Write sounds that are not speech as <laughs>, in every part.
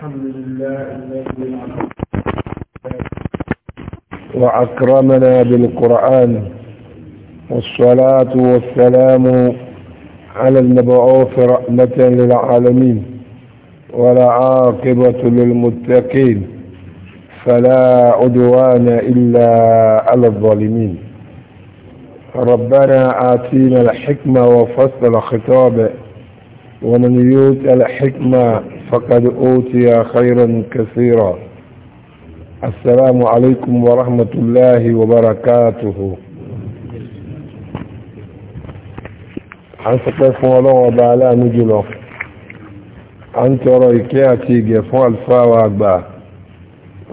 الحمد لله الذي وأكرمنا بالقرآن والصلاة والسلام على المبعوث رحمة للعالمين ولا عاقبة للمتقين فلا عدوان إلا على الظالمين ربنا آتينا الحكمة وفصل الخطاب ومن يؤت الحكمة فقد أوتي خيرا كثيرا السلام عليكم ورحمة الله وبركاته حسب فولا وبالا نجلو أنت رأيكياتي جفو الفاوى أكبر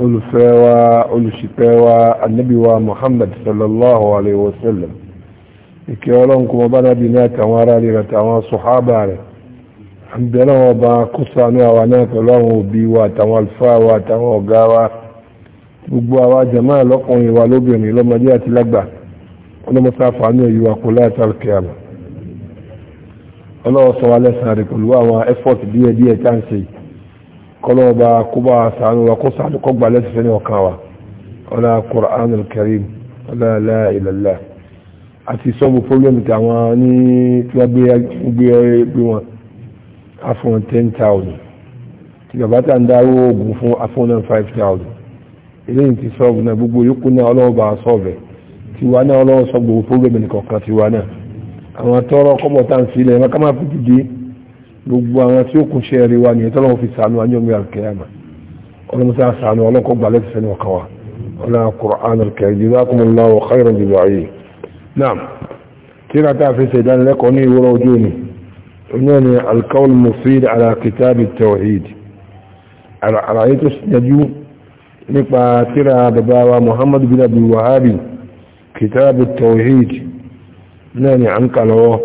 olùfẹ́wà olùṣìpẹ̀wà annabiwa muhammad sallallahu alaihi wasallam ìkẹ́ ọlọ́nkú ọba nábi náà tàwọn ará rẹ̀ tàwọn sọ̀hábà rẹ̀ àbẹ̀rẹ̀ wọn bá kó sànú àwa náà pẹ̀lú àwọn òbí wa àtàwọn àlùfáà wa àtàwọn ọ̀gá wa gbogbo àwa jàmáà lọ́kùnrin wa lóbìnrin lọ́mọdé àti lágbà ọlọ́mọsáfàánú èyí wa kò láti alkiyama ọlọ́wọ́ sọ wa lẹ́sàn rẹ̀ pẹ̀lú àwọn effort díẹ̀ díẹ̀ tá ń ṣe kọlọ́ọ̀bá kó bá sànú wa kó sànú kọ́ lẹ́sẹ̀ ní ọ̀kan wa ọlá Qur'an al ọlá la àti sọ́ọ̀bù problem tí ní tí wọ́n gbé wọn afun ten thousand tí bàbá tá ń dáwó oògùn fún afun náà five thousand eléyìí ti sọ́ọ̀bù náà gbogbo yòókù náà ọlọ́wọ́ bá sọ́ọ̀bẹ̀ tiwa náà ọlọ́wọ́ sọ gbogbo fúrúgbẹ̀mì nìkọ̀ọ̀kan tiwa náà àwọn tọrọ kọ́bọ̀ tá ń sílẹ̀ ẹ̀ma ká má fi dìde gbogbo àwọn tí ó kún ṣe ẹ̀rí wa nìyẹn tọ́lọ́wọ́ fi sànú anjọ́gbé alkẹ́yàmà ọlọ́mọsá sànú ọlọ́kọ́ gbà lẹ́sẹ̀ sẹ́ni ọ̀kan ọlọ́wọ́ kùrán alkẹ́yàmà jazakumullahu khairan jùlọ ayé náà يعني القول المفيد على كتاب التوحيد على آيات السجدو نقبع ترى بباوى محمد بن أبي وهابي كتاب التوحيد ناني عنك له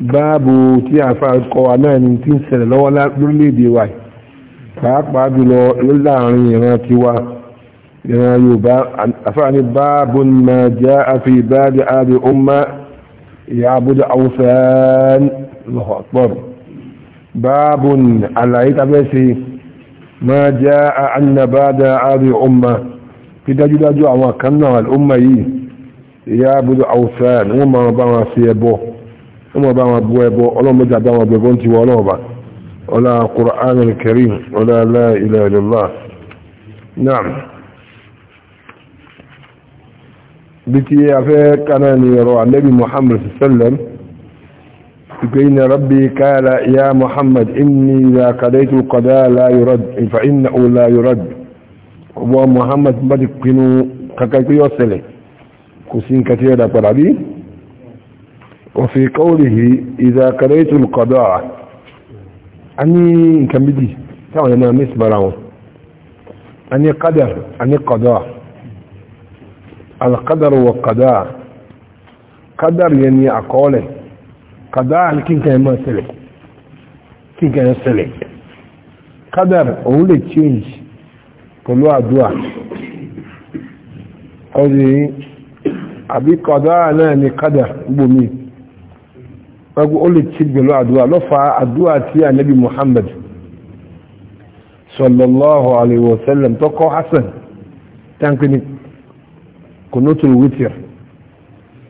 باب تيعفى القوانان تنسى لو لا للي ديواي فأقبع بلو للا عنيناتي و أفعني باب ما جاء في باب آل أمة يعبد أوثان الله أكبر باب على يتبسي ما جاء أن بعد هذه أمة في دجل جوع وكنا الأمة يعبد أوثان وما بما سيبه وما بما بويبه ولا مجد بما بيبونتي ولا بما ولا قرآن الكريم ولا لا إله إلا الله نعم بكي أفاك أنا نيرو عن نبي محمد صلى الله عليه وسلم بين ربي قال يا محمد إني إذا قضيت القضاء لا يرد فإنه لا يرد ومحمد بدك كنو كاكاكو يوصلي كسين كثير دا قرابي وفي قوله إذا قضيت القضاء أني كم بدي تعالى أنا براون أني قدر أني قضاء القدر والقضاء قدر يعني أقوله kàdáà ní kíkà ẹmọ ẹsẹ̀lẹ̀ kíkà ẹsẹ̀lẹ̀ kádàr òun lè change pẹ̀lú àdúrà ọdún yìí àbí kàdáà náà ni kádàr gbòmí ó lè change pẹ̀lú àdúrà lọ́fà àdúrà tí ànábì Muhammad sallallahu alaihi wasallam tọ́kọ́ Hassan tánkì ní kùnútù wítìrì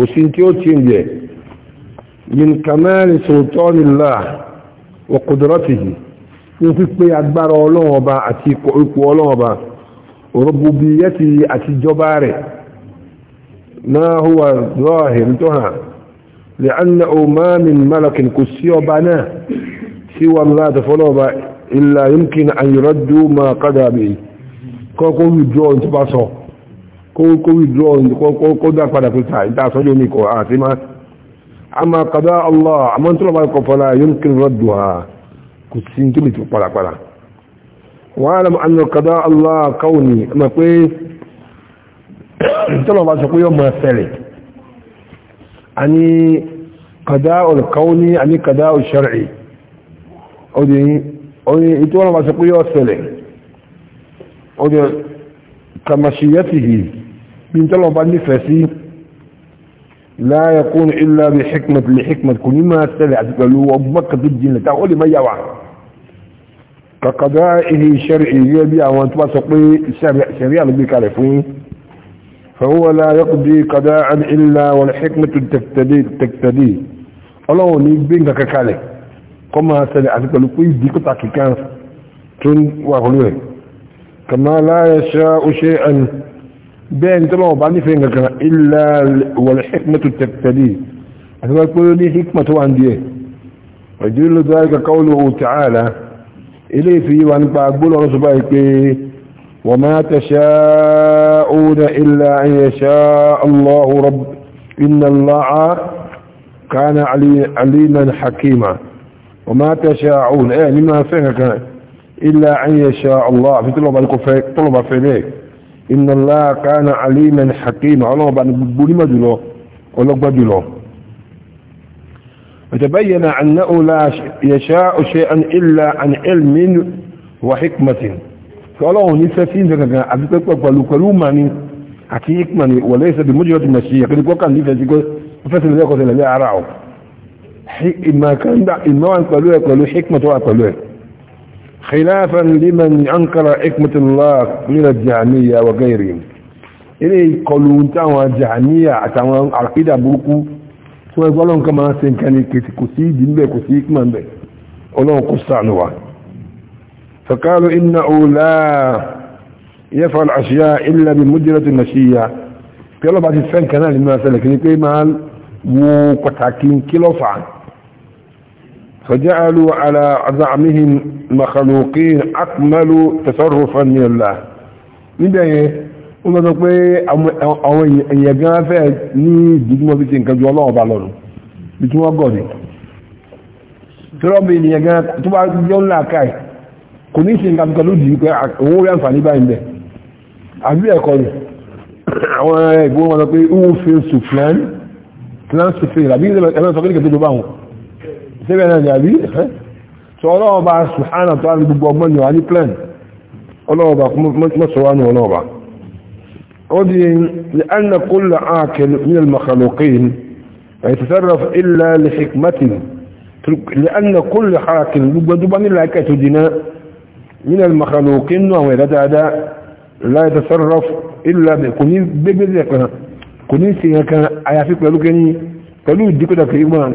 kò sí tí ó ti ń yẹ min kamali sultanillah wa qudratihi ní pípé agbára ọlọ́wọ́ ọba àti ipò ọlọ́wọ́ ọba rububiyyati àti jọba rẹ̀ náà huwa zahir tó hàn لأنه ما من ملك كسي بنا سوى الله تفلوبا إلا يمكن أن يردوا ما قدى به كوكو يجون تباسو kó withdraw kó dá padà tó ta ìta sọ́jọ́ ní kọ̀ àti máa a máa kàdá allah àmọ́ tó lọ́wọ́ kọ̀ fọ́lá yóò kí rọ́dù ha kò sí tó lè tó parapara wọ́n á lọ́mọ àná kàdá allah káwọn ni ọmọ pé <coughs> tó lọ́wọ́ sọ pé yóò máa ṣẹlẹ̀ a ní kàdá olùkáwọn ni kamashiyatihi بين تلو بني فاسي لا يكون الا بحكمه لحكمه كل ما تلع تقولوا امك تجي لك تقولي ما يوا كقضائه شرعي يبيع او انت بس قوي شرعي اللي فهو لا يقضي قضاء الا والحكمه تقتدي تقتدي الله ني بين ككالي كما تلع تقولوا كوي ديك تاكي كان تن واخلوه كما لا يشاء شيئا بين تبعه بعدين فين كان إلا والحكمة تبتليه أتبقى تقول لي حكمة عندي ويدل ذلك قوله تعالى إلي فيه وأن بقول رسول وما تشاءون إلا أن يشاء الله رب إن الله كان علي عليما حكيما وما تشاءون إيه مما فينك إلا أن يشاء الله في طلب الكفاء طلب في ليه inna Allah kana aliman hakim ọlọ́wọ́ bá ní gbogbo nímọ̀ jùlọ ọlọ́gbà jùlọ وتبين أنه لا يشاء شيئا إلا عن علم وحكمة فالله نسفين ذلك أبيك قالوا قالوا ماني أتي إكماني وليس بمجرد المشيئة قد وقال لي فاسي فاسي ذلك قال لا أراه ما كان إما قالوا قالوا حكمة وقالوا خلافا لمن أنكر حكمة الله من الجهمية وغيرهم إليه قولون تاوى جهمية تاوى عقيدة بوكو سوى ظلون كما سنكني كسي دين بي كسي كمان بي ولون قصانوا فقالوا إنه لا يفعل أشياء إلا بمجرة المشية قالوا بعد الفن كان لما سلك نكي مال وقتاكين كيلو فعن فجعلوا على زعمهم مخلوقين أكملوا تصرفا من الله níbẹ̀yẹn wọ́n lọ́dọ̀ pé àwọn èèyàn gan fẹ́ ní ìdíjúmọ́ bí ti nǹkan ju ọlọ́wọ́ bá lọ́nu bí tí wọ́n gọ̀dì tọ́rọ̀bì ènìyàn gan tó bá jọ ńlá káì kò ní ṣe nǹkan kan lódì pé òun rí àǹfààní báyìí bẹ̀ àbí ẹ̀kọ́ ni àwọn ìgbóhùn wọn lọ pé ó ń fi sùflán tí wọ́n ń sùfèèrè àbí ẹ̀rọ sọ kékeré tó bá wọn síbẹ̀ náà ni àbí sọ ọlọ́ọ̀bá sùhánà tó àrí gbogbo ọgbọ́n yóò àní plan ọlọ́ọ̀bá mọ́sọ̀wánú ọlọ́ọ̀bá ó di لأن كل عاقل من المخلوقين يتصرف إلا لحكمته لأن كل عاقل gbogbo nílá kẹtù dínà من المخلوقين وهو يتدعى لا يتصرف إلا بكني بيبيزيك كني سيكا àyàfi pẹ̀lú kẹni pẹ̀lú ìdíkọ́ta kìí gbọ́n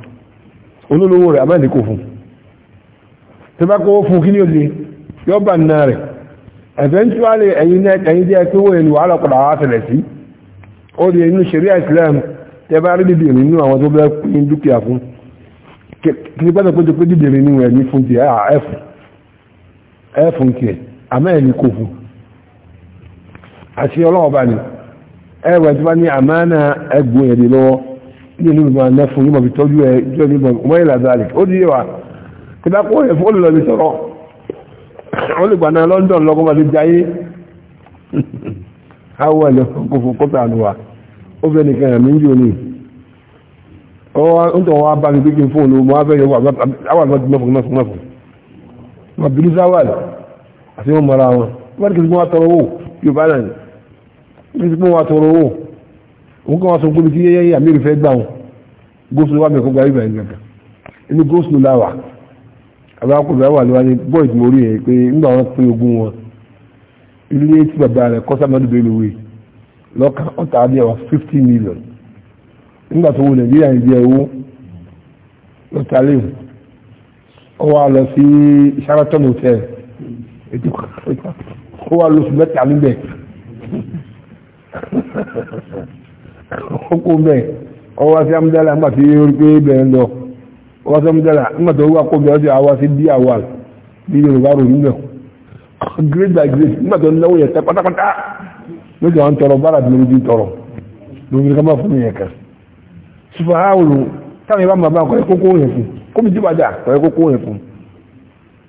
olólówó rẹ̀ àmàlẹ́ kò fún tí bá kó fún kí ní òde yóò bá nà rẹ̀ eventually ẹ̀yin náà ẹ̀yin jẹ́ pé wọ́n èlò wàhálà wá tẹ̀lẹ̀ sí ó di inú sharia islam tẹ bá rí dìbì nínú àwọn tó bẹ́ pín dúkìá fún kí ní pẹ́tọ̀ pé dìbì nínú ẹ̀ ní fún ti ẹ̀fún ẹ̀fún ti ẹ̀ àmẹ́ẹ̀ni ah, kò fún àti ọlọ́ọ̀bá ni ẹ̀wẹ̀ tí wọ́n ní àmánà ẹgbùn ẹ̀dẹ̀ lọ́wọ́ ilé ní ìgbà náà fún yíma fi tọ́jú ẹ jọ ní ìgbà ọmọ ìlà zalik ó díye wa kí bá kó yẹ fún olùlọ́bí sọ̀rọ̀ ó lè gbà London lọ́kọ́ máa ti jayé <laughs> awọ ẹ̀lẹ́ kò fún kọ́tà àdúrà ó fẹ́ nìkan ẹ̀mí ń jò ní ó ń tọ́ wá bá mi pé kí n fún olùwọ́ mọ́ afẹ́ yẹwọ́ àwọn àgbà mọ́fù mọ́fù mọ́fù àti wọn mọ́ra wọn wọ́n ti kí wọ́n tọrọ owó Yorùbá náà ni wọ́n ti kí wọ́n tọrọ owó òun kọ́ wọn sọ pé tí yẹ́yẹ́ àmì ìrìfẹ́ gbà wọn góòsù wà mẹ́kọ́ gba ibà ìgbàgbà inú góòsù láwà abákùnrin wà lọ́wọ́ ní bọ́ọ̀ ìdìmọ̀ orí ẹ̀ pé ńgbà wọn pín ogún wọn ilé tí bàbá rẹ̀ kọ́ sàmọ́dù bẹ́lúwé lọ́kà ọ̀tà àbíyà wà fifty million nígbà tó wọ nàìjíríà ń jẹ owó lọ́tà léwu ó wá lọ sí Sheraton hotel ó wá lọ sí mẹ́ta níbẹ̀ <laughs> ọkọ̀ bẹ́ẹ̀ ọwọ́ sí amúdálà nígbà tí ó rí pé bẹ̀rẹ̀ lọ ọwọ́ sí amúdálà nígbà tó wà kó bẹ̀rẹ̀ sí àwa sí bí àwa bí yorùbá rò nílẹ̀ grade by grade nígbà tó náwó yẹn tẹ pátápátá lójú àwọn tọrọ bára bí lójú tọrọ lójú ká má fún yẹn kan ṣùgbọ́n àwòrán táwọn ìbá máa bá ọkọ̀ ẹ̀kọ́ kó yẹn fún kómi jíbàjá ọkọ̀ ẹ̀kọ́ kó yẹn fún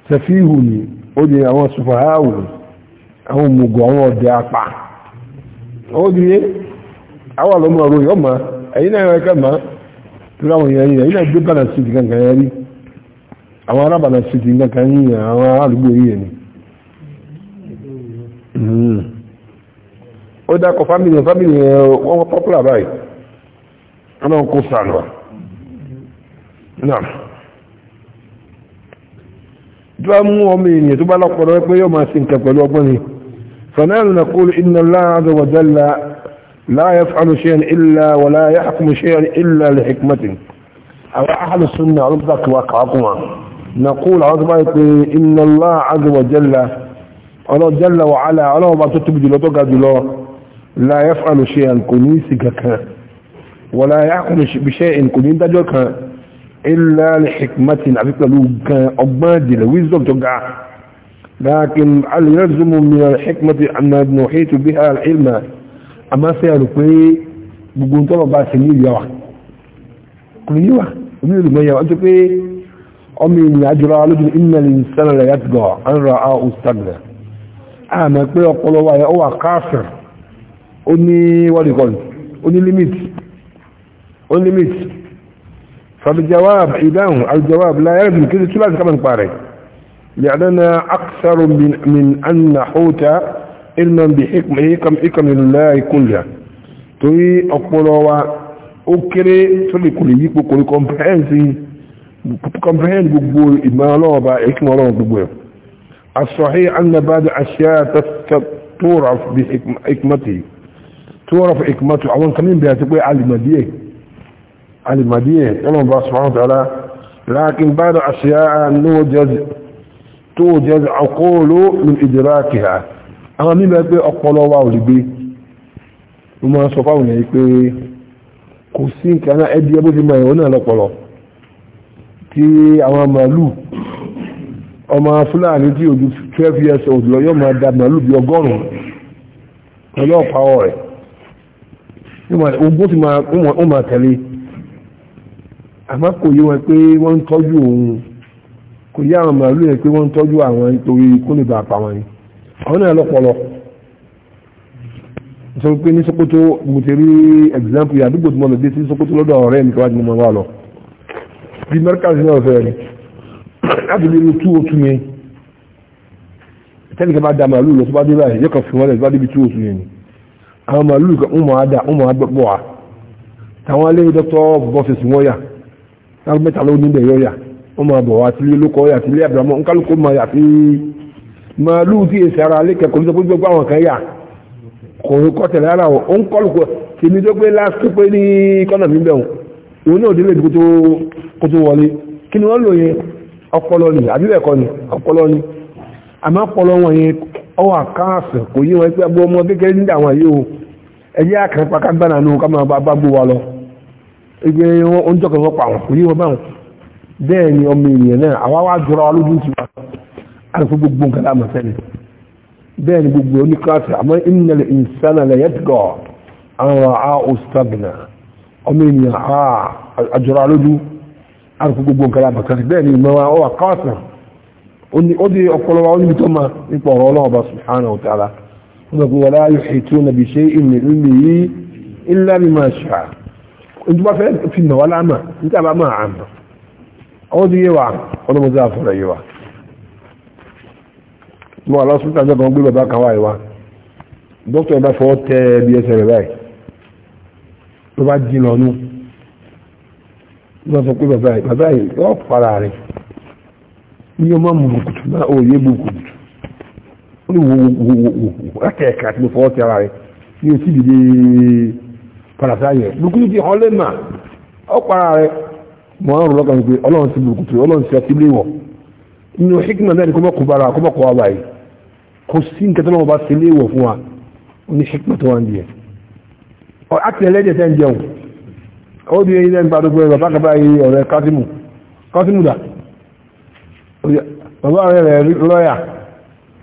ṣẹ̀fíhù ni ó di àwọn ṣùgbọ́n àwòrán àwọn òmùgọ̀ àwọn ọ̀dẹ̀ apá ó di àwọn àlọ́mọ ọ̀rọ̀ yọ mọ́ ẹ̀yìn náà ẹ̀ka mọ́ lórí àwọn èèyàn yìí náà gbé bànà sí ti kankan yẹn rí àwọn arábànà sí ti kankan yìí àwọn aládùúgbò yìí yẹn ni. Hmm. ó dákọ̀ fámìlì fámìlì yẹn wọ́n wọ́n pọ́pùlà báyìí wọ́n kó sànù wa. إن الله عز وجل لا يفعل شيئا إلا ولا يحكم شيئا إلا لحكمة على أهل السنة ربك وقعكما نقول عز إن الله عز وجل الله جل وعلا على ما تتبدي جلوتك جلو لا يفعل شيئا كنيسك ولا يحكم بشيء كنيسك إلا لحكمة عبدك لك أبادل ويزدك تقع لكن هل يلزم من الحكمة أن نحيط بها العلم a máa fẹ́ rò pé gbogbo ń tọ́lọ̀ bá ṣe ní ìlú wa kò ní wà omi ìlú mẹ́yà wá tó pé ọmọ ènìyàn àjọra lójú ìmẹ̀lì sẹ́nà rẹ̀ yàtọ̀ ń ra a ó sàgbẹ̀ pé ọpọlọ wa yẹ ó wà káàfẹ̀ ó ní wọ́dìkọ̀lù ní límìtì إذن الجواب لا يلزم كده كمان قارئ لأننا أكثر من, أن نحوت ilman bi hikam hikam lillahi kulliha torí ọpọlọ wa ó kéré tó lè kò lè yípo kò lè comprehend gbogbo ìmọ̀ ọlọ́ọ̀bá ìkìmọ̀ ọlọ́ọ̀ gbogbo ẹ̀ asọ̀hí annabada aṣíyá tóra fi hikmati tóra fi hikmati àwọn kamin bí a ti pé alimadiyẹ alimadiyẹ ọlọ́ọ̀ bá sọ̀rọ̀ tààrà lákin bada aṣíyá tó jẹ́ àkóòlò min ìdírákìá àwọn mímọ̀ pé ọpọlọ wa ò lè gbé mo máa sọ fáwọn èèyàn pé kò sí nǹkan náà ẹbí ẹbí ti mọ ẹ̀wọ̀n náà lọ́pọlọ tí àwọn màálù ọmọ fúlàní tí ojú twelve years old lọ yóò máa da màálù bíi ọgọ́rùn-ún pẹ̀lú ọ̀pá ọ̀rẹ́ ogun ti máa tẹ̀lé àmọ́ kò yé wọn pé wọ́n ń tọ́jú òun kò yé àwọn màálù yẹn pé wọ́n ń tọ́jú àwọn nítorí kó lè bàa pa wọn ni àwọn náà lọ́pọ̀lọ́ sọ pé ní Sokoto mo ti rí example yà àdúgbò tí mo lọ dé sí Sokoto lọ́dọ̀ ọ̀rẹ́ mi kíwájú mo wà lọ bí mẹ́ríkà sí náà fẹ́ rí láti lè rí tú otu oh yẹn tẹ́lẹ̀ kan oh ni àwọn màálù kan ń mọ̀ á dà ń mọ̀ á gbọ́ wa táwọn alẹ́ dọ́kítọ́ bọ́fẹ̀sì wọn yà láti mẹ́ta ló ní bẹ̀ yọ yà wọ́n máa bọ̀ wá sílé lóko yà sílé àbúrámọ́ nkálukó máa yà sí ma tí èsì ara alẹ́ kẹ̀kọ́ nítorí gbogbo àwọn kan yà kò ń kọ́ tẹ̀lé ara wọn ó ń kọ́lù kọ́ tèmi tó pé lásìkò pé ní kọ́nà mi bẹ̀ wọn òun náà délé ibi kó tó wọlé kí ni wọ́n lò yẹn ọpọlọ ni ni ni o wa lọ ẹgbẹ́ wọn pa ni àti gbogbo nǹkan láàmà sẹ́ni bẹ́ẹ̀ ni gbogbo ní kíláàsì àmọ́ na ìsànà lẹ̀ yẹ́tìgọ̀ àwọn a òsítàbìnà ọmọ ènìyàn a àjọra lójú àti gbogbo nǹkan láàmà sẹ́ni bẹ́ẹ̀ ni ìmọ̀ ọwà kíláàsì ó di ó níbi tó ma nípa ọ̀rọ̀ ọlọ́ọ̀bá subhanahu wa ta'ala wọn kò wọlé ètò nàbì ṣe ìmì yìí máa ṣà fẹ́ fi nà láàmà bá máa àmà di ọlọ́mọdé mo wà lọ́sítà jẹ́ kan gbé bàbá kan wá ìwá dókítà ìbá fọwọ́ tẹ bí ẹsẹ̀ rẹ̀ báyìí ló bá jí ló sọ pé bàbá yìí bàbá yìí rẹ̀ náà ó yé ó láti ẹ̀ka mo fọwọ́ o sì dìde parasa yẹ bukutu ti hàn lẹ́mà ó para rẹ̀ mo hàn pé ọlọ́run ti ọlọ́run ti kò sí nǹkan tó náà bá ṣe léèwọ̀ fún wa ní ṣíkpà tó wà ń díẹ̀ ọ̀ àti ẹlẹ́dẹ̀ tẹ́ ń jẹun ó di ẹyin lẹ́nu pàdé pé bàbá kaba yìí ọ̀rẹ́ kásímù kásímù dà bàbá ọ̀rẹ́ rẹ̀ lọ́yà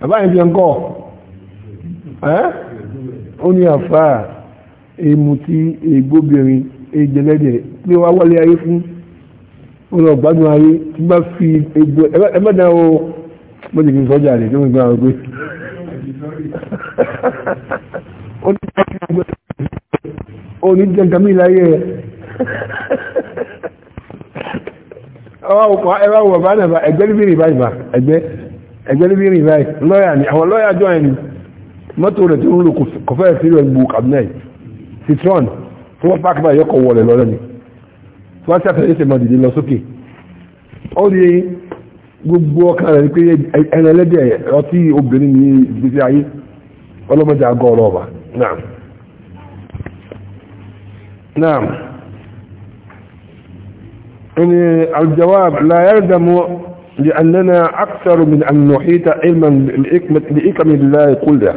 bàbá yìí fi ń kọ́ ẹ́ ó ní àfà èmu tí egbóbìnrin ejẹlẹ́dẹ̀ pé wá wọlé ayé fún ó lọ gbádùn ayé tí bá fi egbò ẹ dáná o mo ti fi sọ́jà rẹ̀ tó ń gbà wọ́n pé oníjẹ <laughs> gami láyé ẹ̀ ọwọ́ ọkọ̀ ẹwà wọ̀ bá nàbà ẹgbẹ́ níbi rìn báyìí bá ẹgbẹ́ ẹgbẹ́ níbi rìn báyìí lọ́yà ni àwọn lọ́yà jọ ẹni mọ́tò rẹ̀ tí ó ń lò kọfẹ́ sí rẹ̀ gbù kàbínẹ̀ citron tí wọ́n pàkì báyìí yọkọ̀ wọlé lọ́lọ́ ni wọ́n ṣàfihàn ẹsẹ̀ mọ́ dìde lọ sókè ó di gbogbo ọkàn rẹ̀ pé ẹnẹlẹ́dẹ̀ ọtí obìnrin ní ìgbésí ayé ọlọ́mọdé àgọ́ ọlọ́ọ̀bà naam naam ẹni aljawab la yardamu li annana aktaru min an nuhita ilman li ikami lillahi kulliya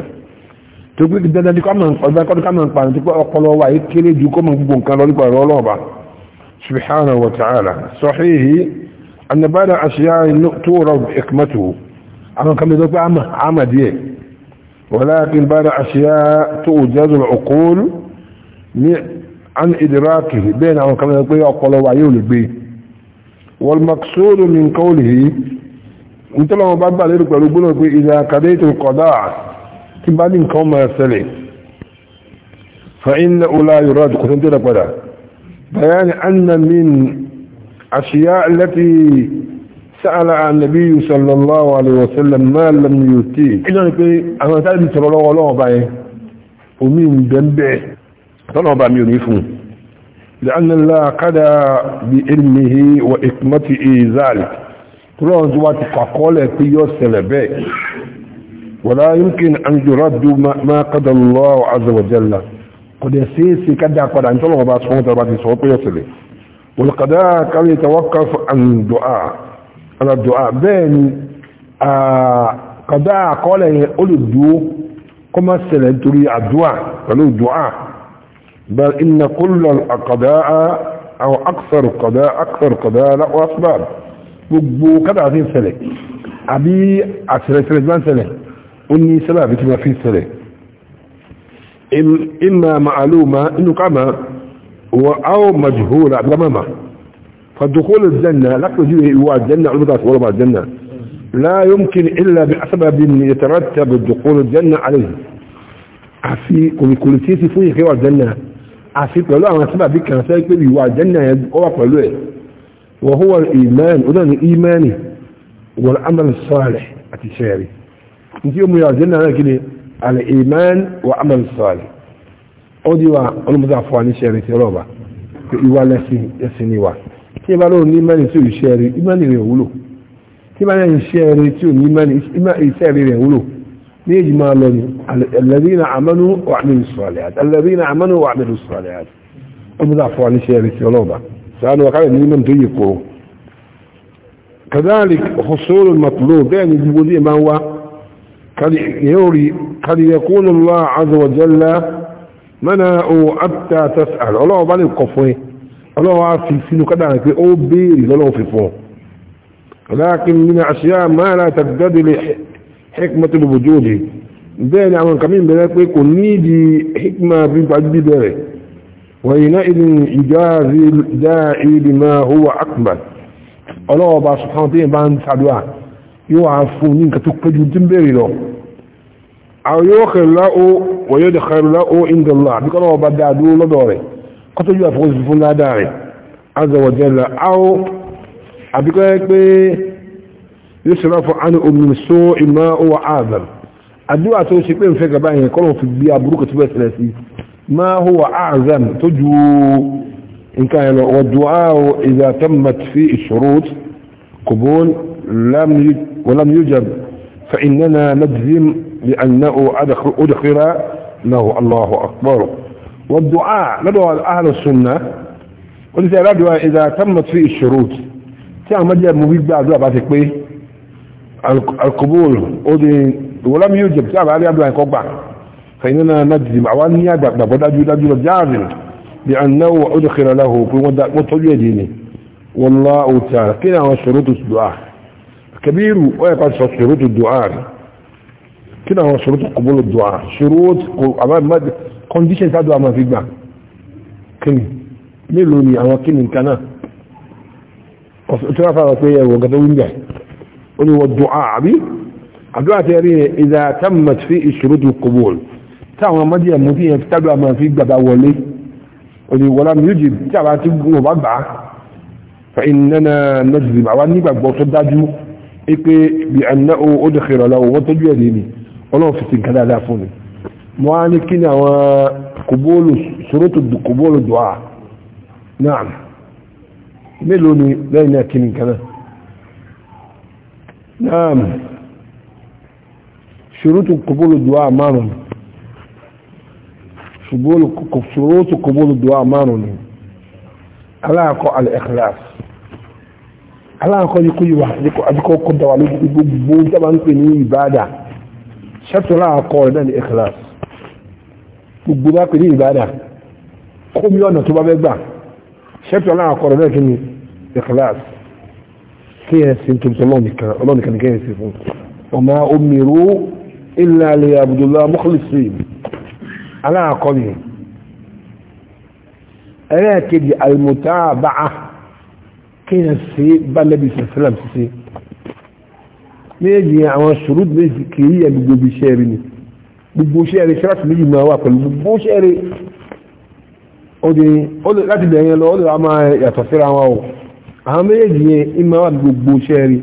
tó gbé dandan ní kọ́mọ̀ ọ̀dọ́ kọ́dọ́ kọ́mọ̀ pàdé tó pé ọpọlọ wa yìí kéré ju kọ́mọ̀ gbogbo nǹkan lọ nípa ọ̀rọ̀ ọlọ́ọ̀bà subhanahu wa ta'ala sahihi أن بعض الأشياء تعرف حكمته أما كم يدوك عام عام ديه ولكن بعض الأشياء توجد العقول عن إدراكه بين أما كم يدوك يقول وعيول به والمقصود من قوله انت لما بعد بعد ذلك يقول إذا قضيت القضاء تبعد كما يسلي فإنه لا يراد قلت لك بيان أن من الأشياء التي سأل عن النبي صلى الله عليه وسلم ما لم يؤتيه إلا نقول أنا تعلم صلى الله عليه وسلم ومين بنبع صلى الله عليه وسلم لأن الله قدى بإلمه وإكمته ذلك كلهم جوات فقولة في يوسل بي ولا يمكن أن يرد ما قدى الله عز وجل قد يسيسي كدى قد أن تلغى بعض سبحانه وتعالى سبحانه والقضاء كان يتوقف عن الدعاء على الدعاء بين آه، قضاء قال يقول الدعاء كما تري الدعاء قالوا الدعاء بل إن كل القضاء أو أكثر قضاء أكثر قضاء له أسباب وكذا عظيم سنة أبي عشرة ثلاث سنة أني سبب بتما في سنة إما معلومة إنه كما او مجهولة بغمامة فالدخول الجنة لك تجيبه هو الجنة علمة ولا الجنة لا يمكن الا بسبب يترتب الدخول الجنة عليه عفي ويكون تيسي فوي خيوة الجنة عفي قالوا انا سبع بك هو الجنة هو قالوه وهو الايمان ايماني والعمل الصالح اتشاري انت يوم يا الجنة على الايمان وعمل الصالح ó di wa ọlọ́mọdé àfọwà ní ṣẹ́rí ti ọlọ́ọ̀bà pé ìwà lẹ́sìn ẹ̀sìn ni wa tí ìbá lóun ní mẹ́rin tí ò ṣẹ́rí ìmẹ́rin rẹ̀ wúlò tí ìbá lẹ́yìn ṣẹ́rí tí ò ní mẹ́rin ìṣẹ́rí rẹ̀ wúlò ní èjì máa lọ ní alladhina amanu wa amilu ní ṣẹ́rí ti ọlọ́ọ̀bà sàánù wàkàrẹ̀ ní mẹ́rin tó yẹ kó كذلك حصول المطلوب بين الوجود ما هو قد يوري الله عز وجل mẹ́nà o apta tasal ọlọ́wọ́ bá lè kọ̀ fún ẹ ọlọ́wọ́ á fi sínú kádàrà pé ó béèrè lọ́lọ́wọ́ fi fún ọ lakin nínú àṣíyá máa láti dájú lè hikmatu lùbùjóde bẹ́ẹ̀ ni àwọn nǹkan mí bẹ̀rẹ̀ pé kò ní ìdí hikma bí bẹ̀rẹ̀ وحينئذ يجازي الداعي بما هو أكبر الله سبحانه وتعالى بان سعدوا يوعفونين كتوقجوا تنبيري له àwọn yóò kẹrù láó wọ́yọ́ dẹ̀ kẹrù láó indọ̀lá àbíkọ́nà ọba dáadúró lọ́dọ̀ rẹ̀ kọ́tọ́jú àfọ́sí fún ládá rẹ̀ azọ̀wọ̀jẹ́lá áó àbíkọ́ pé yóò ṣe ráfọ́ àánú omi só ìmá owó ààbẹ̀m àdúrà tó ṣe pé nfẹ́ gaba yẹn kọ́nà fi gbé aburúkọ tó bẹ̀ tẹ̀lẹ̀ sí má owó ààbẹ̀m tó ju nǹkan yẹn lọ wọ́dùá ìgbà tó mọ̀t fi ìṣòro kòbón wọ́n lámú yóò jẹ́ فإننا نجزم لأنه أدخل, أدخل له الله أكبر والدعاء لدعاء أهل السنة ولذلك إذا تمت فيه الشروط كان جاب مبيد بعد بعثك به القبول ولم كان علي عبد الله يقبع فإننا نجزم أولا يدب بدأجو دجو جازم بأنه أدخل له متوجه ديني والله تعالى كنا هو شروط الدعاء كبير ويقصد شروط الدعاء kí náà wọn ṣòro kòbólò dùá ṣòro condition tá dùá máa fi gbà kíni mélòó ni àwọn kíni nǹkan náà tí wọ́n fara pé ẹ̀wọ̀n gata wíńgà ó ní wọ́n dùá àbí àdúrà tẹ́ rí ìdá tammat fi ìṣòro tó kòbólò táwọn ọmọdé ẹ̀mú fi yẹn tá dùá máa fi gbàdá wọlé ó ní wọ́n lámì yóò jì tí àwa ti gbọ́ bá gbà fa ìnana nàìjíríà wa nígbàgbọ́ tó dájú ipe bí àná ó dẹ̀kẹ̀rọ̀ ọlọ́run fi ti nǹkan dáadáa fún mi mo á ní kí ni àwọn kòbóòlù ṣòrótò kòbóòlù dùá náà mélòó ni lẹ́yìn náà kí ni nǹkan náà náà ṣòrótò kòbóòlù dùá márùn ṣòrótò kòbóòlù dùá márùn ni aláàkọ́ al-ikhlas yìí kó yìí wà àdíkọ́ kó dáwà lójú gbogbo ìjábá ń pè ní ìbáadà ṣẹ́tùlá àkọ́ ọ̀rẹ́ náà ní ikhlas gbogbo bá pè ní ìbádà kó mi ọ̀nà tó bá bẹ́ gbà ṣẹ́tùlá àkọ́ ọ̀rẹ́ náà kí ni ikhlas kí ẹ sì tó sọ lọ́nìkan ní kẹ́yìn sí fún ọmọ omiru illa liya'budullaha mukhlisin aláàkọ́ ni ẹlẹ́ẹ̀kejì almutaba'a kí ẹ sì bá lẹ́bi sẹ́sẹ́lẹ̀ sí méjì àwọn ṣùrùd méjì kìí yẹ gbogbo iṣẹ́ rí ni gbogbo iṣẹ́ rí ṣíláṣì méjì máa wà pẹ̀lú gbogbo iṣẹ́ rí ọdẹ láti bẹ̀rẹ̀ yẹn lọ ọdẹ wa máa yàtọ̀ síra wọn o àwọn méjèèjì yẹn ìmọ̀ wà gbogbo iṣẹ́ rí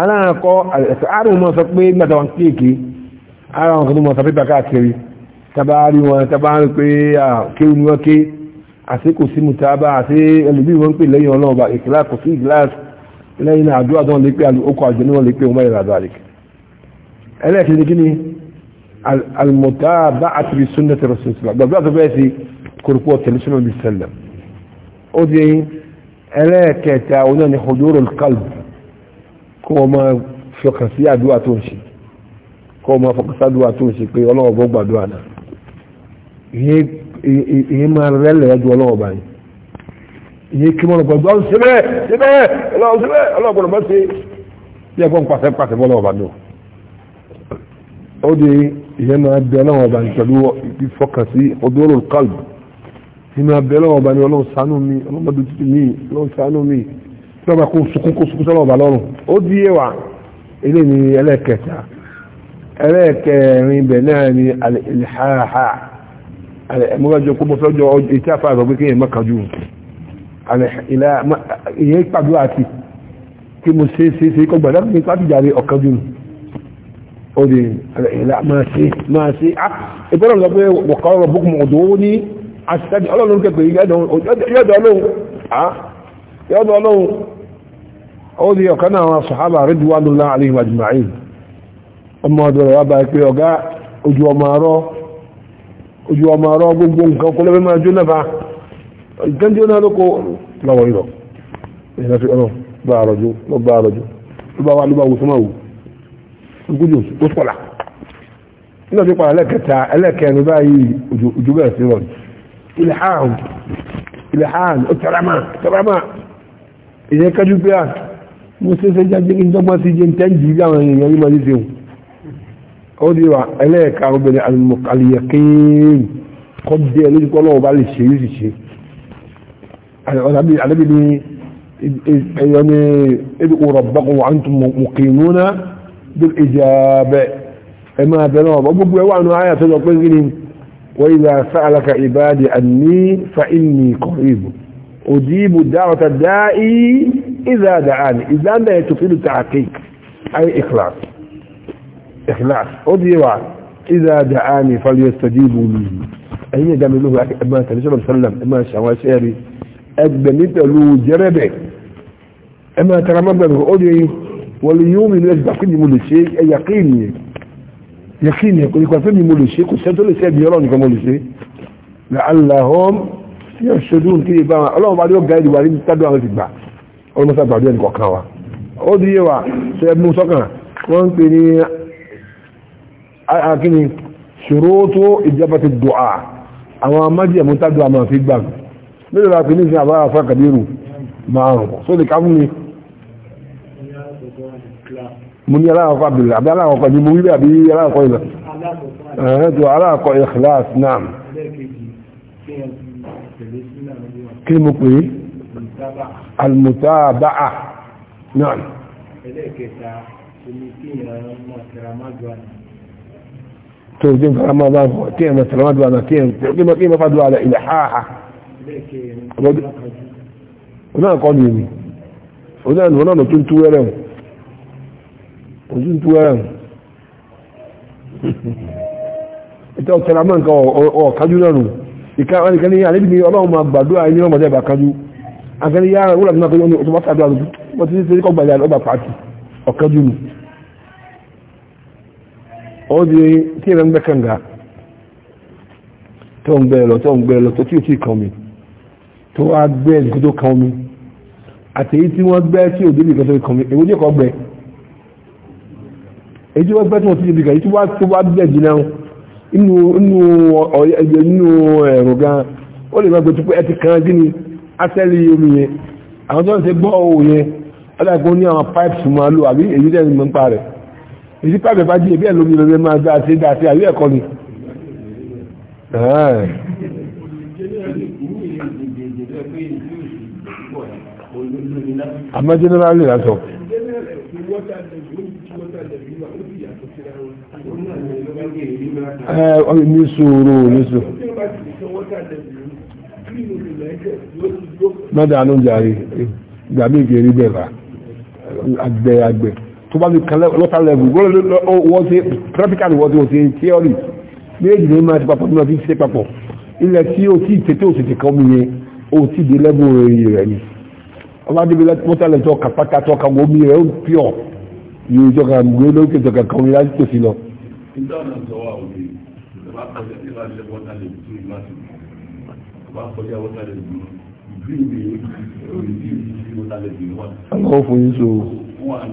aláàkọ́ àti àrùn mọ́ sọ pé gbàtà wọn kéèké ara wọn kan tó mọ̀ sọ pépà káàkiri tabaari wọn tabaari pé kéwù ni wọ́n ké àti kò sí mutaba àti ẹlòmíì pè lẹ́yìn ọlọ́ọ̀bà ìkìlá kò sí ìkìláàsì lẹ́yìn náà àdúrà tó ń lè pé okọ̀ àjọ náà lè pé wọ́n mẹ́rin àdúrà rẹ̀ ẹlẹ́ẹ̀kejì kí ni al-mutaba'atu bi sunnati rasulillah gbàgbà tó bẹ́ẹ̀ sí kórópó tẹ̀lé súnmọ́ bí sẹ́lẹ̀ ó di ẹlẹ́ẹ̀kẹta onáà ni hudurul qalb kó wọ́n máa fọkàn sí àdúrà tó ń ṣe kó wọ́n máa fọkàn sí àdúrà tó ń ṣe pé ọlọ́wọ́ gbọ́ náà ìyẹn máa rẹ́lẹ̀ ẹjọ́ ọlọ́wọ́ báyìí ìyẹn kí mọ́nà pẹ̀lú ọ̀hún síbẹ̀ síbẹ̀ ọlọ́run síbẹ̀ ọlọ́gbọ̀nà bá ṣe bí ẹgbọ́n pàṣẹ pàṣẹ bọ́lọ́ ọba náà ó di ìyẹn máa bẹ ọlọ́run ọba pẹ̀lú ìfọkànsí ọdúnrún kálù tí máa bẹ ọlọ́run ọba ní ọlọ́run ṣàánú mi ọlọ́mọdé tuntun mi ọlọ́run ṣàánú mi tí wọ́n bá kó sunkún kó sunkún sọ́lọ́ ọba lọ́rùn ó di yé ilé ni ẹlẹ́ẹ̀kẹta ẹlẹ́ẹ̀kẹrin ibẹ̀ náà ni ìyẹn pàdó àti kí mo ṣe ṣe ṣe kọ́ gbọ́dọ̀ mi pàtó jàre ọ̀kan jù ó di ìlà máa ṣe máa ṣe á ìgbọ́dọ̀ lọ pé wọ̀kọ́ ọ̀rọ̀ bókù mọ̀ ọ̀dọ́ ní aṣíṣẹ́jì ọlọ́run kẹgbẹ̀ yọ́dọ̀ ọlọ́run ah, yọ́dọ̀ ọlọ́run ó di ọ̀kan náà àwọn sàhábà ridwanullahi alaihim ajma'in ọmọ ọ̀dọ̀ rẹ̀ wá bá pé ìtẹ́jú náà ló kó lọ́wọ́ ìrọ̀ ìrìnà sí ọ̀nà bá àrọ̀jú ló bá àrọ̀jú ló bá wà ló bá wùsùn máwù gúdù ó sọ̀là nínú ti pa ẹlẹ́kẹta ẹlẹ́kẹrin báyìí ojú bẹ̀rẹ̀ sí rọ̀ ilhan ilhan ó tẹ̀rámà tẹ̀rámà ìyẹn kájú pé à mo ṣe ṣe jáde kí n dọ́gbọ́n sí bí àwọn èèyàn yìí bá lè ṣe yóò sì ṣe النبي ني يعني ادعوا ربكم وانتم مقيمون بالاجابه اما بنوا ابو وانو ايات تقول واذا سالك عبادي عني فاني قريب اجيب دعوه الدائي اذا دعاني اذا لا تفيد التحقيق اي اخلاص اخلاص اجيب اذا دعاني فليستجيبوا لي اي دم له ما تنزل وسلم ما شواشيري ẹgbẹ̀mí pẹ̀lú jẹ́rẹ̀bẹ̀ ẹ máa tara mọ́gbẹ̀rún ó lè wọlé yóò mi lẹ́sìn pàpín ni mo lè ṣe ẹ̀yàkí nìyẹn yàkí nìyẹn kò ní pàpín ni mo lè ṣe kò sẹ́ńtó lè ṣe ẹ̀bí ọlọ́run nìkan mo lè ṣe la alahom yóò ṣojú kí ni bá wọn ọlọ́run bá yóò ga ìdìbò àti tádùn àwọn ti gbà ọlọ́run mọ́sá gbàdúrà nìkan kan wa ó di wa ṣe ẹbí sọ́kàn wọ́n ń pè ní akíni ṣòro tó ìjábá ti dùn à àwọn amájẹ̀mú tádùn àmọ́ fi gbàgbọ́ mẹ́rin la fi ní sí àbára fún àkàdérù márùn só lè ká fún mi mo ní aláàkọ́ abdullahi àbí aláàkọ́ ni mo wí àbí aláàkọ́ ìlà ẹ̀hẹ́ tó aláàkọ́ ikhlas náà kí ni mo pè é almutaba'a náà ẹlẹ́ẹ̀kẹta omi kí tó jẹ́ nǹkan máa bá fọ́ tí ẹ̀ máa tẹ̀ra tí ẹ̀ máa fàdúrà ilẹ̀ háà náà kọ́ ni èmi òun náà nìwọ́n náà tó ń tú wẹ́rẹ̀ hùn òun tó ń tú wẹ́rẹ̀ hùn <laughs> ìtọ́ ọ̀tẹ̀lá mọ́ nǹkan ọ̀kájú náà nù ìka wọn nìkan ní àlébì ní ọlọ́run máa gbàdúrà yín lọ́mọdé ẹ̀bà kájú àgbẹ̀ni yára wúlà tó máa pé ọmọ ọmọ sàdúrà lójú wọ́n ti ṣe kọ́ gbàdúrà lọ́gbà pàtì ọ̀kájú nù ó di tí ẹ̀rọ ń gbẹ́ tó ń gbẹ́ lọ tó ń gbẹ́ lọ tó tí ò tí kàn mí tó wá gbé ẹ̀sìn tó kan omi àtẹ̀yí tí wọ́n gbẹ́ tí òdébì kan tó kan omi èwo jẹ́ kọ́ gbẹ èyí tí wọ́n gbẹ́ tí wọ́n ti débi kan èyí tí wọ́n tó wá gbẹ́ jìnnà inú inú ẹ̀yẹ inú ẹ̀rọ gan ó lè má gbé tó pé ẹ ti kan sí ni asẹ́lì omi yẹn àwọn tó ń ṣe gbọ́ òwò yẹn ọlọ́gbọ́n ní àwọn pipes máa lò àbí èyí tẹ́ ìmọ̀ ń pa rẹ̀ èyí pipe bá jí ẹ̀bí ẹ̀ lómi lọ́wọ́ máa dá sí dá sí àbí ẹ̀kọ́ ni àmọ́ jẹ́nẹ́rálì lásọ. ẹ ọ ní sòrò ní sòrò. mẹ́ta ló ń jàre ìgbà mí kì í rí bẹ́ẹ̀ bá àgbẹ̀ àgbẹ̀ tó bá mi kan lọ́tà lẹ́gùn wọ́n ṣe practically wọ́n ṣe theory méjì ní máa ti papọ̀ tí wọ́n fi ṣe papọ̀ ilẹ̀ tí o ti tètè òṣèṣe kan mi yẹn o ti di lẹ́gùn rẹ̀ ni ọba débi láti mọ́tàlẹ̀ tó ọkà pátá tó ọkà wọ́n mi rẹ̀ ó pìọ̀ yóò jọ ká gbé lókè tó kàkà omi láti tòsí lọ. Àwọn fún yín so. Wọ́n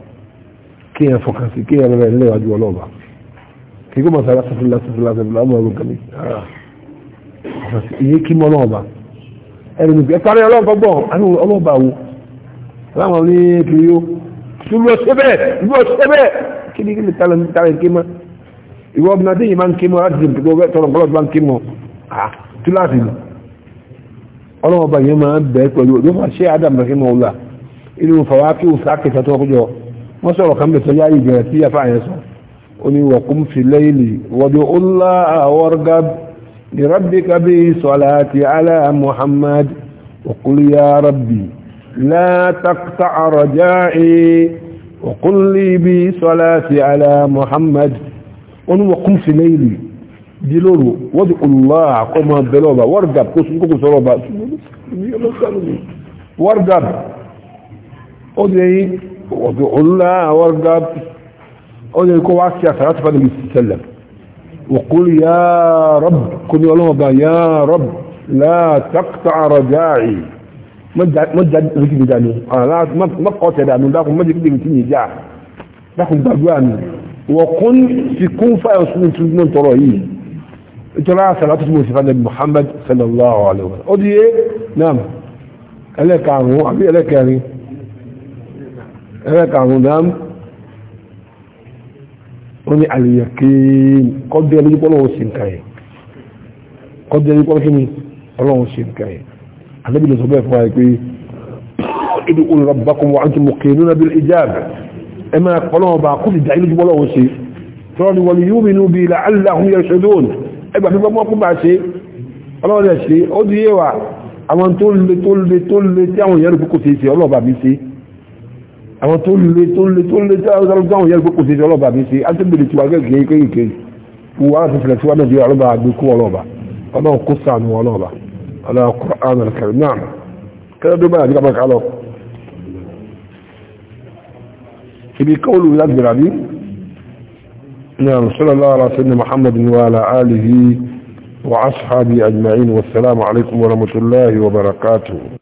kí ẹ fọkàn sí kí ẹ rẹ níwájú ọlọ́ọ̀bà kí kó mọ̀ sára sọfúnlá sọfúnlá sọfúnlá ọmọ ọlọ́ọ̀ kan ní iye kí mọ́ ọlọ́ọ̀bà ẹni nìkan parí ọlọ́ọ̀bà gbọ́ àwọn ọlọ́ọ̀bà wo láwọn ní kiri ó túbú ọṣẹ bẹ́ẹ̀ túbú ọṣẹ bẹ́ẹ̀ kí ni kí ni tààlà tààlà kí mọ́ ìwọ ọbìnrin adéyìn máa ń kí mọ́ láti dùn tó bẹ́ẹ̀ tọrọ bọ́lọ́ máa ń kí mọ́ túláàsì ni ọlọ́ọ̀bà yẹn máa ń pẹ̀lú òjò مسألة خمسة يعني جاتية فعيسة قلني وقم في الليل ودعو الله وارقب لربك بصلاة على محمد وقل يا ربي لا تقطع رجائي وقل لي بصلاة على محمد قلني وقم في الليل دلولو ودعو الله قم بلوبة وارقب كسنكو سروبة وارقب قلني وادعوا الله وارقب أولا يكون وعكس يا صلاة فأنا بيستسلم وقل يا رب كن يقول يا رب لا تقطع رجاعي ما جاء ذكي بداني لا ما قوت داني لكن ما جاء ذكي بداني جاء لكن داني وقل في كون فأيصول تلمون ترهيه ترى صلاة موسيقى محمد صلى الله عليه وسلم أودي إيه؟ نعم ألاك عنه أبي ألاك يعني ẹlẹ́kàrún dám wọ́n ni àlìyàkín kọ́bí ẹni pọ́ lọ́wọ́ sí nǹkan yẹn kọ́bí ẹni pọ́ kíni ọlọ́wọ́ sí nǹkan yẹn alẹ́bí lọ sọ bẹ́ẹ̀ fún wa pé ibi olùrọ̀ rabbakum wa antum muqinuna bil ijab ẹ máa pọ́ lọ́wọ́ bá àwọn tó le tó le tó le táwọn yẹn gbé kò sí ọlọ́ba mi sí àtẹ̀bẹ̀rẹ̀ tiwa kékeré kékeré wọ́n á ti fẹ̀rẹ̀ tiwa náà di ọlọ́ba àgbékú ọlọ́ba ọlọ́run kó sànù ọlọ́ba ọlọ́run kó ànà kẹrin náà kẹrin tó báyà nígbà kan lọ. ibi kọ́ọ̀lù lágbèrè àbí نعم صلى الله على سيدنا محمد وعلى آله وأصحابه أجمعين والسلام عليكم ورحمة الله وبركاته